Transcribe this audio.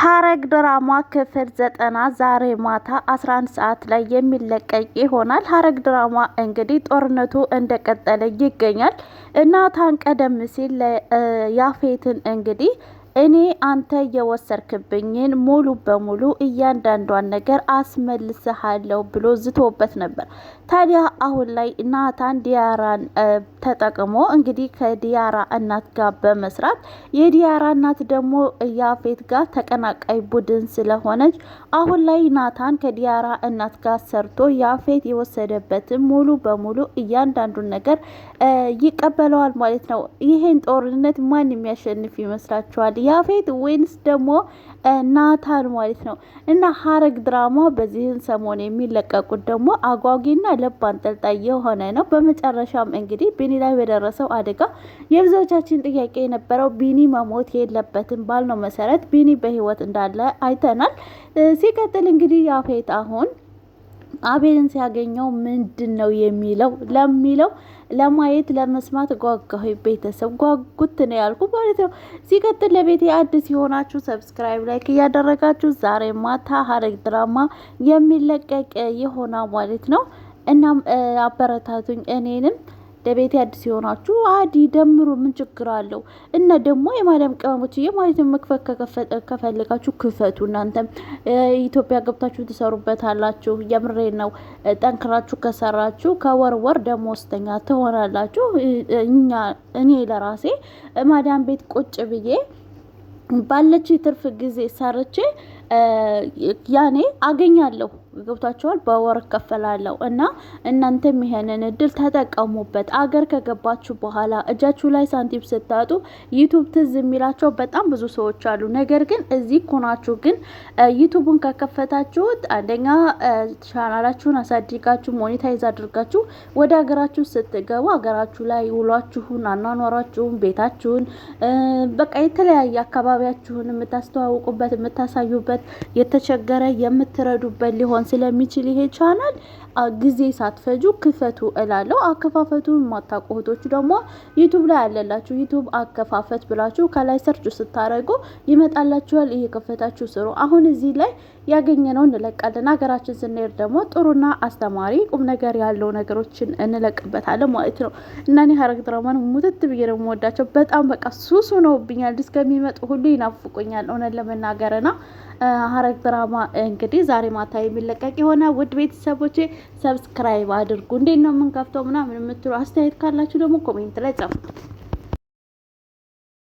ሐረግ ድራማ ክፍል ዘጠና ዛሬ ማታ 11 ሰዓት ላይ የሚለቀቅ ይሆናል። ሐረግ ድራማ እንግዲህ ጦርነቱ እንደቀጠለ ይገኛል። እናታን ቀደም ሲል ያፌትን እንግዲህ እኔ አንተ የወሰርክብኝን ሙሉ በሙሉ እያንዳንዷን ነገር አስመልስሃለሁ ብሎ ዝቶበት ነበር። ታዲያ አሁን ላይ ናታን ዲያራን ተጠቅሞ እንግዲህ ከዲያራ እናት ጋር በመስራት የዲያራ እናት ደግሞ ያፌት ጋር ተቀናቃይ ቡድን ስለሆነች አሁን ላይ ናታን ከዲያራ እናት ጋር ሰርቶ ያፌት የወሰደበትን ሙሉ በሙሉ እያንዳንዱን ነገር ይቀበለዋል ማለት ነው። ይሄን ጦርነት ማን የሚያሸንፍ ይመስላችኋል? ያፌት ወይንስ ደግሞ ናታን ማለት ነው። እና ሀረግ ድራማ በዚህን ሰሞን የሚለቀቁት ደግሞ አጓጊና ልብ አንጠልጣይ የሆነ ነው። በመጨረሻም እንግዲህ ቢኒ ላይ በደረሰው አደጋ የብዙዎቻችን ጥያቄ የነበረው ቢኒ መሞት የለበትም ባልነው መሰረት ቢኒ በህይወት እንዳለ አይተናል። ሲቀጥል እንግዲህ ያፌት አሁን አቤልን ሲያገኘው ምንድን ነው የሚለው ለሚለው ለማየት ለመስማት ጓጓሁ። ቤተሰብ ጓጉት ነው ያልኩ ማለት ነው። ሲቀጥል ለቤት አዲስ የሆናችሁ ሰብስክራይብ፣ ላይክ እያደረጋችሁ ዛሬ ማታ ሐረግ ድራማ የሚለቀቅ የሆና ማለት ነው። እናም አበረታቱኝ እኔንም ለቤት አዲስ የሆናችሁ አዲ ደምሩ፣ ምን ችግር አለው? እና ደግሞ የማርያም ቅመሞች ዬ መክፈት ከፈለጋችሁ ክፈቱ። እናንተም ኢትዮጵያ ገብታችሁ ትሰሩበታላችሁ አላችሁ። የምሬ ነው። ጠንክራችሁ ከሰራችሁ ከወርወር ደሞዝተኛ ትሆናላችሁ። እኛ እኔ ለራሴ ማዳም ቤት ቁጭ ብዬ ባለች ትርፍ ጊዜ ሰርቼ ያኔ አገኛለሁ ገብቷቸዋል በወር እከፈላለሁ እና እናንተም ይሄንን እድል ተጠቀሙበት። አገር ከገባችሁ በኋላ እጃችሁ ላይ ሳንቲም ስታጡ ዩቱብ ትዝ የሚላቸው በጣም ብዙ ሰዎች አሉ። ነገር ግን እዚህ ኮናችሁ ግን ዩቱቡን ከከፈታችሁት አንደኛ ቻናላችሁን አሳድጋችሁ ሞኔታይዝ አድርጋችሁ ወደ ሀገራችሁ ስትገቡ ሀገራችሁ ላይ ውሏችሁን፣ አኗኗራችሁን፣ ቤታችሁን በቃ የተለያየ አካባቢያችሁን የምታስተዋውቁበት የምታሳዩበት የተቸገረ የምትረዱበት ሊሆን ስለሚችል ይሄ ቻናል ጊዜ ሳትፈጁ ክፈቱ እላለሁ። አከፋፈቱን የማታውቁ እህቶቹ ደግሞ ዩቱብ ላይ ያለላችሁ ዩቱብ አከፋፈት ብላችሁ ከላይ ሰርች ስታደርጉ ይመጣላችኋል። እየከፈታችሁ ስሩ። አሁን እዚህ ላይ ያገኘነው እንለቃለን። ሀገራችን ስንሄድ ደግሞ ጥሩና አስተማሪ ቁም ነገር ያለው ነገሮችን እንለቅበታለን ማለት ነው። እና እኔ ሐረግ ድራማን ሙትት ብዬ ነው የምወዳቸው። በጣም በቃ ሱስ ሆነውብኛል። እስከሚመጡ ሁሉ ይናፍቁኛል። እውነት ለመናገርና ሐረግ ድራማ እንግዲህ ዛሬ ማታ የሚለቀቅ የሆነ ውድ ቤተሰቦቼ ሰብስክራይብ አድርጉ። እንዴት ነው የምንከፍተው ምናምን የምትሉ አስተያየት ካላችሁ ደግሞ ኮሜንት ላይ ጻፉ።